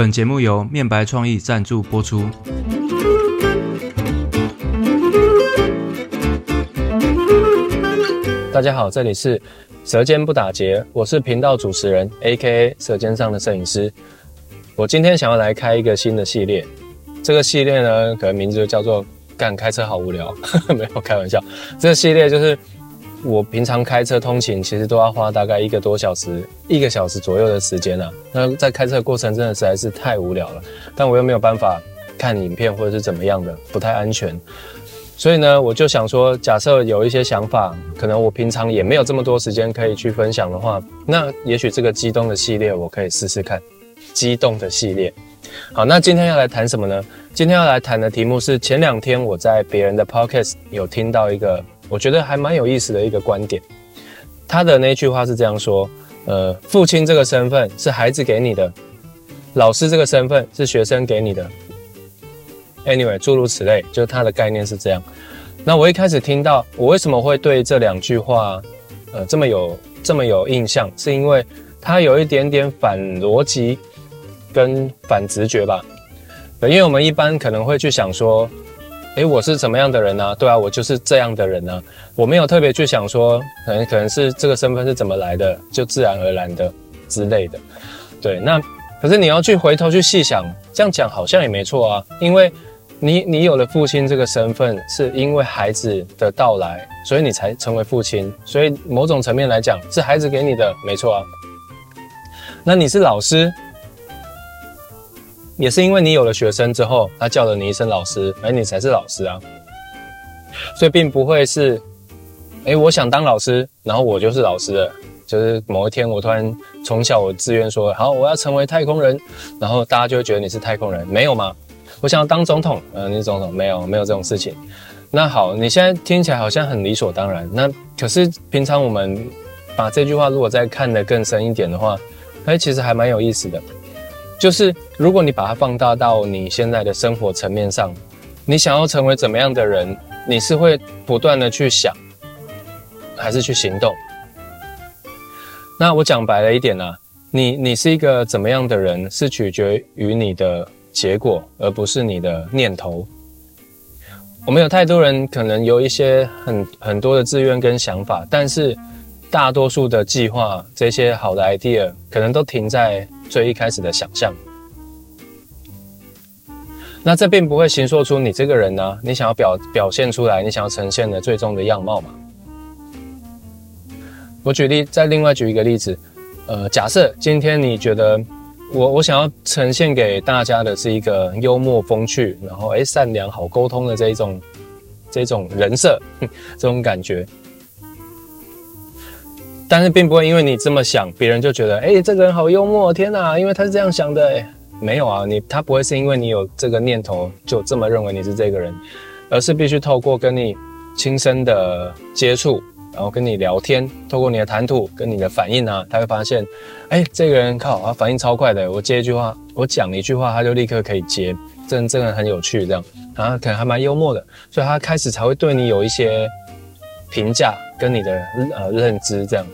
本節目由面白創意贊助播出。大家好，這裡是《舌尖不打結》，我是頻道主持人，A.K.A. 舌尖上的攝影師。我今天想要來開一個新的系列，這個系列呢，可能名字就叫做“乾開車好無聊呵呵”，沒有開玩笑。這個系列就是。我平常開車通勤，其實都要花大概一個多小時，一個小時左右的時間了啊。那在開車過程，真的實在是太無聊了。但我又沒有辦法看影片或者是怎麼樣的，不太安全。所以呢，我就想說，假設有一些想法，可能我平常也沒有這麼多時間可以去分享的話，那也許這個機動的系列我可以試試看。機動的系列，好，那今天要來談什麼呢？今天要來談的題目是前兩天我在別人的 podcast 有聽到一個。我覺得還蠻有意思的一個觀點，他的那句話是這樣說，呃，父親這個身份是孩子給你的，老師這個身份是學生給你的。Anyway，諸如此類，就是他的概念是這樣。那我一開始聽到，我為什麼會對這兩句話，呃，這麼有這麼有印象，是因為他有一點點反邏輯跟反直覺吧？對，因為我們一般可能會去想說。誒，我是怎麼樣的人呢？對啊，我就是這樣的人呢。我沒有特別去想說，可能可能是這個身份是怎麼來的，就自然而然的之類的。對，那可是你要去回頭去細想，這樣講好像也沒錯啊。因為你，你你有了父親這個身份，是因為孩子的到來，所以你才成為父親。所以某種層面來講，是孩子給你的，沒錯啊。那你是老師。也是因為你有了學生之後，他叫了你一聲老師，而你才是老師啊，所以並不會是，哎，我想當老師，然後我就是老師了，就是某一天我突然從小我自願說，好，我要成為太空人，然後大家就會覺得你是太空人，沒有嘛？我想要當總統，呃，你是總統，沒有，沒有這種事情。那好，你現在聽起來好像很理所當然，那可是平常我們把這句話如果再看得更深一點的話，哎，其實還蠻有意思的。就是，如果你把它放大到你現在的生活層面上，你想要成為怎麼樣的人，你是會不斷的去想，還是去行動？那我講白了一點啊，你你是一個怎麼樣的人，是取決於你的結果，而不是你的念頭。我們有太多人可能有一些很很多的志願跟想法，但是。大多數的計劃，這些好的 idea 可能都停在最一開始的想象。那這並不會形塑出你這個人呢、啊，你想要表表現出來，你想要呈現的最終的樣貌嘛。我舉例，再另外舉一個例子，呃，假設今天你覺得我我想要呈現給大家的是一個幽默風趣，然後誒，善良好溝通的這一種這一種人設，這種感覺。但是並不會因為你這麼想，別人就覺得哎、欸，這個人好幽默，天哪，因為他是這樣想的。哎，沒有啊，你他不會是因為你有這個念頭就這麼認為你是這個人，而是必須透過跟你親身的接觸，然後跟你聊天，透過你的談吐跟你的反應啊，他會發現，哎、欸，這個人靠，他反應超快的，我接一句話，我講一句話，他就立刻可以接，這真這人很有趣，這樣，啊，可能還蠻幽默的，所以他開始才會對你有一些評價跟你的呃認知這樣。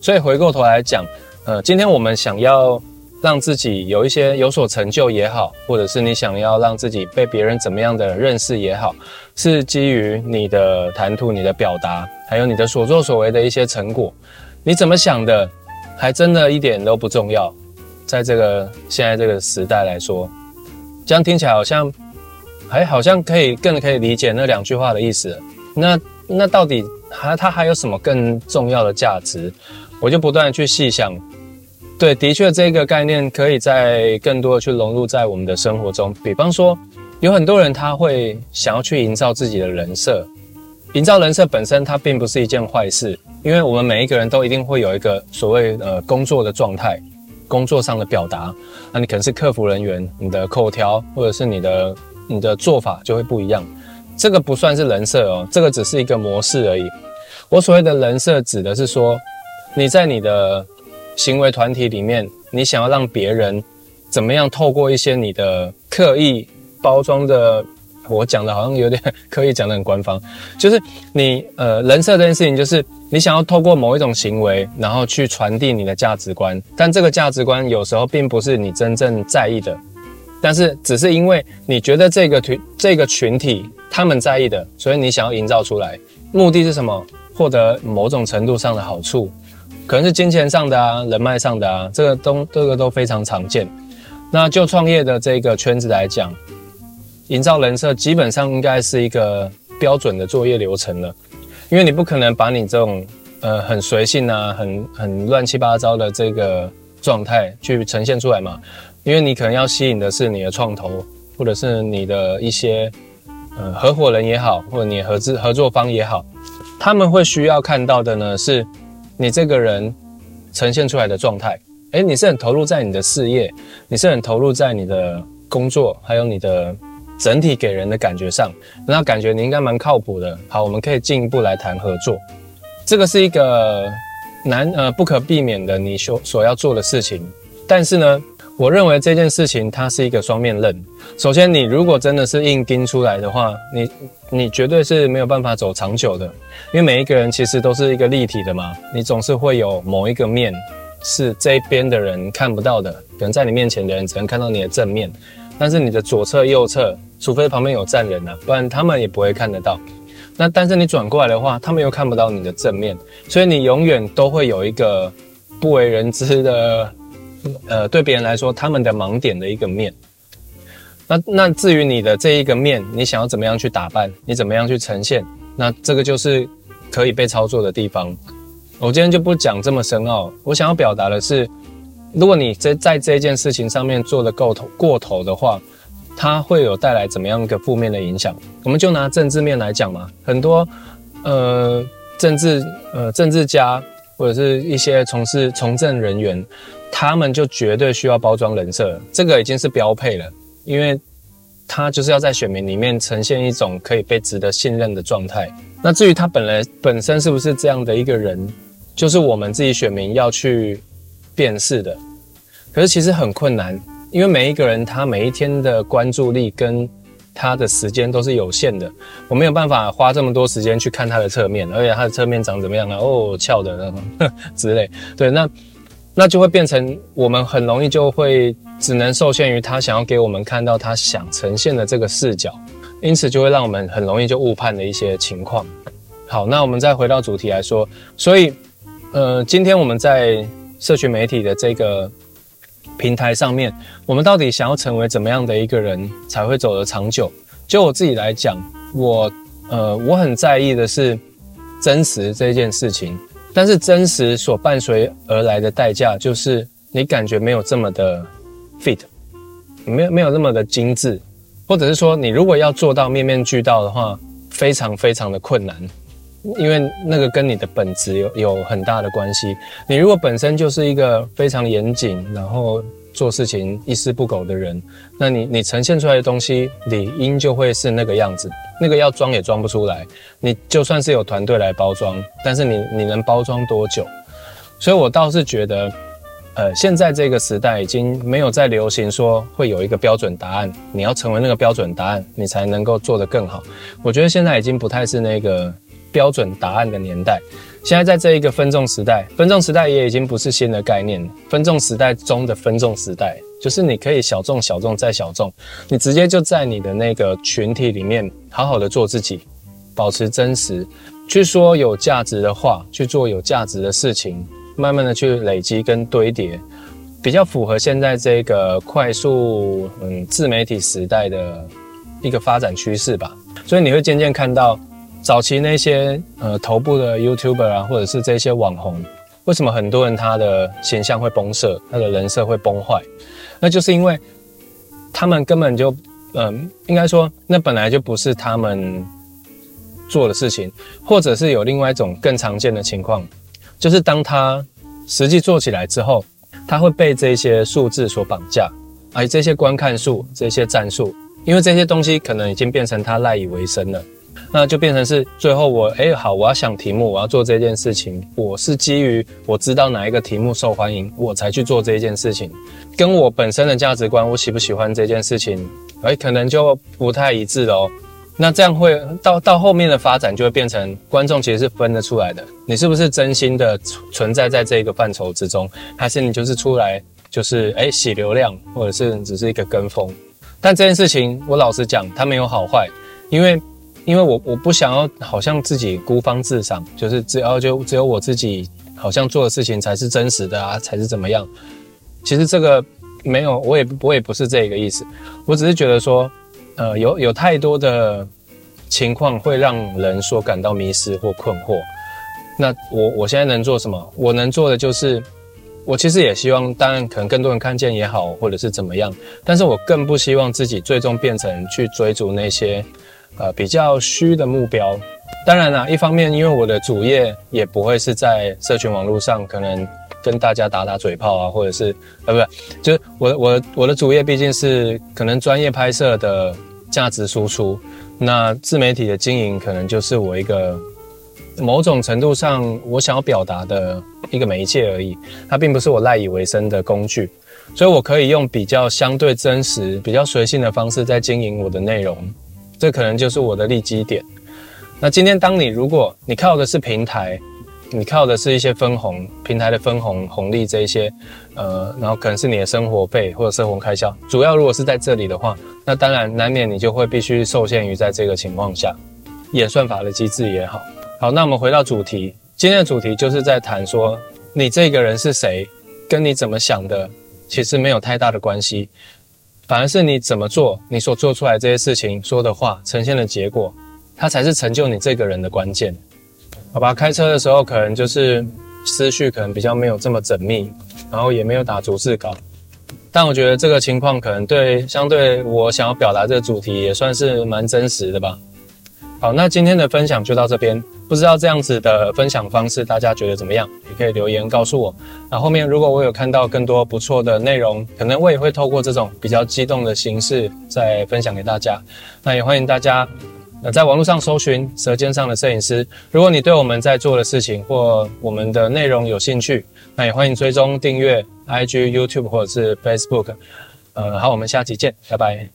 所以回過頭來講，呃，今天我們想要讓自己有一些有所成就也好，或者是你想要讓自己被別人怎麼樣的認識也好，是基於你的談吐、你的表達，還有你的所作所為的一些成果。你怎麼想的，還真的一點都不重要。在這個現在這個時代來說，這樣聽起來好像還好像可以更可以理解那兩句話的意思了。那那到底還它，它還有什麼更重要的價值？我就不斷的去細想，對，的確，這個概念可以在更多的去融入在我們的生活中。比方說，有很多人他會想要去營造自己的人設，營造人設本身它並不是一件壞事，因為我們每一個人都一定會有一個所謂呃工作的狀態，工作上的表達。那、啊、你可能是客服人員，你的口條或者是你的你的做法就會不一樣。這個不算是人設哦，這個只是一個模式而已。我所謂的人設指的是說，你在你的行為團體裡面，你想要讓別人怎麼樣？透過一些你的刻意包裝的，我講的好像有點刻意講得很官方，就是你呃人設這件事情，就是你想要透過某一種行為，然後去傳遞你的價值觀，但這個價值觀有時候並不是你真正在意的，但是只是因為你覺得這個群這個群體他們在意的，所以你想要營造出來，目的是什麼？獲得某種程度上的好處。可能是金錢上的啊，人脈上的啊，這個都這個都非常常見。那就創業的這個圈子來講，營造人設基本上應該是一個標準的作業流程了，因為你不可能把你這種呃很隨性啊、很很亂七八糟的這個狀態去呈現出來嘛。因為你可能要吸引的是你的創投，或者是你的一些呃合夥人也好，或者你合資合作方也好，他們會需要看到的呢是。你這個人呈現出來的狀態，誒，你是很投入在你的事業，你是很投入在你的工作，還有你的整體給人的感覺上，那感覺你應該蠻靠譜的。好，我們可以進一步來談合作。這個是一個難呃不可避免的，你所所要做的事情，但是呢。我認為這件事情它是一個雙面刃。首先，你如果真的是硬盯出來的話，你你絕對是沒有辦法走長久的，因為每一個人其實都是一個立體的嘛。你總是會有某一個面是這邊的人看不到的，可能在你面前的人只能看到你的正面，但是你的左側、右側，除非旁邊有站人啊，不然他們也不會看得到。那但是你轉過來的話，他們又看不到你的正面，所以你永遠都會有一個不為人知的。呃，對別人來說，他們的盲點的一個面。那那至於你的這一個面，你想要怎麼樣去打扮，你怎麼樣去呈現，那這個就是可以被操作的地方。我今天就不講這麼深奧。我想要表達的是，如果你在在這件事情上面做得夠頭過頭的話，它會有帶來怎麼樣一個負面的影響？我們就拿政治面來講嘛，很多呃政治呃政治家。或者是一些從事從政人員，他們就絕對需要包裝人設，這個已經是標配了，因為他就是要在選民裡面呈現一種可以被值得信任的狀態。那至於他本來本身是不是這樣的一個人，就是我們自己選民要去辨識的。可是其實很困難，因為每一個人他每一天的關注力跟他的時間都是有限的，我沒有辦法花這麼多時間去看它的側面，而且它的側面長怎麼樣呢？哦，翹的那種呵，之類，對，那那就會變成我們很容易就會只能受限於他想要給我們看到他想呈現的這個視角，因此就會讓我們很容易就誤判的一些情況。好，那我們再回到主題來說，所以，呃，今天我們在社群媒體的這個。平台上面，我們到底想要成為怎麼樣的一個人才會走得長久？就我自己來講，我呃，我很在意的是真實這件事情，但是真實所伴隨而來的代價就是你感覺沒有這麼的 fit，沒有沒有那麼的精緻，或者是說你如果要做到面面俱到的話，非常非常的困難。因為那個跟你的本質有有很大的關係。你如果本身就是一個非常嚴謹，然後做事情一絲不苟的人，那你你呈現出來的東西理應就會是那個樣子。那個要裝也裝不出來。你就算是有團隊來包裝，但是你你能包裝多久？所以我倒是覺得，呃，現在這個時代已經沒有再流行說會有一個標準答案，你要成為那個標準答案，你才能夠做得更好。我覺得現在已經不太是那個。標準答案的年代，現在在這一個分眾時代，分眾時代也已經不是新的概念了，分眾時代中的分眾時代，就是你可以小眾、小眾再小眾，你直接就在你的那個群體裡面好好的做自己，保持真實，去說有價值的話，去做有價值的事情，慢慢的去累積跟堆疊，比較符合現在這個快速嗯自媒體時代的一個發展趨勢吧。所以你會漸漸看到。早期那些呃頭部的 YouTuber 啊，或者是這些網紅，為什麼很多人他的形象會崩射，他的人設會崩壞？那就是因為他們根本就，嗯、呃，應該說那本來就不是他們做的事情，或者是有另外一種更常見的情況，就是當他實際做起來之後，他會被這些數字所綁架，而、啊、這些觀看數，這些讚數，因為這些東西可能已經變成他賴以為生了。那就變成是最後我誒、欸、好，我要想題目，我要做這件事情，我是基於我知道哪一個題目受歡迎，我才去做這件事情，跟我本身的價值觀，我喜不喜歡這件事情，誒、欸、可能就不太一致哦，那這樣會到到後面的發展，就會變成觀眾其實是分得出來的，你是不是真心的存在在這個範疇之中，還是你就是出來就是誒洗、欸、流量，或者是只是一個跟風？但這件事情，我老實講，它沒有好壞，因為。因為我我不想要好像自己孤芳自賞，就是只要、啊、就只有我自己，好像做的事情才是真實的啊，才是怎麼樣？其實這個沒有，我也我也不是這個意思，我只是覺得說，呃，有有太多的情況會讓人說感到迷失或困惑。那我我現在能做什麼？我能做的就是，我其實也希望，當然可能更多人看見也好，或者是怎麼樣，但是我更不希望自己最終變成去追逐那些。呃，比較虛的目標。當然啦，一方面，因為我的主業也不會是在社群網絡上，可能跟大家打打嘴炮啊，或者是……呃，不是，就是我我我的主業畢竟是可能專業拍攝的價值輸出，那自媒體的經營可能就是我一個某種程度上我想要表達的一個媒介而已，它並不是我賴以為生的工具，所以我可以用比較相對真實、比較隨性的方式在經營我的內容。這可能就是我的利基點。那今天，當你如果你靠的是平台，你靠的是一些分紅，平台的分紅紅利這一些，呃，然後可能是你的生活費或者生活開銷，主要如果是在這裡的話，那當然難免你就會必須受限於在這個情況下演算法的機制也好。好，那我們回到主題，今天的主題就是在談說你這個人是誰，跟你怎麼想的，其實沒有太大的關係。反而是你怎麼做，你所做出來這些事情、說的話、呈現的結果，它才是成就你這個人的關鍵。好吧，開車的時候可能就是思緒可能比較沒有這麼縝密，然後也沒有打逐字稿，但我覺得這個情況可能對相對我想要表達這個主題也算是蠻真實的吧。好，那今天的分享就到這邊。不知道這樣子的分享方式大家覺得怎麼樣？也可以留言告訴我。那、啊、後面如果我有看到更多不錯的內容，可能我也會透過這種比較激動的形式再分享給大家。那也歡迎大家呃在網絡上搜尋《舌尖上的攝影師》。如果你對我們在做的事情或我們的內容有興趣，那也歡迎追蹤訂閱 IG、YouTube 或者是 Facebook。呃，好，我們下期見，拜拜。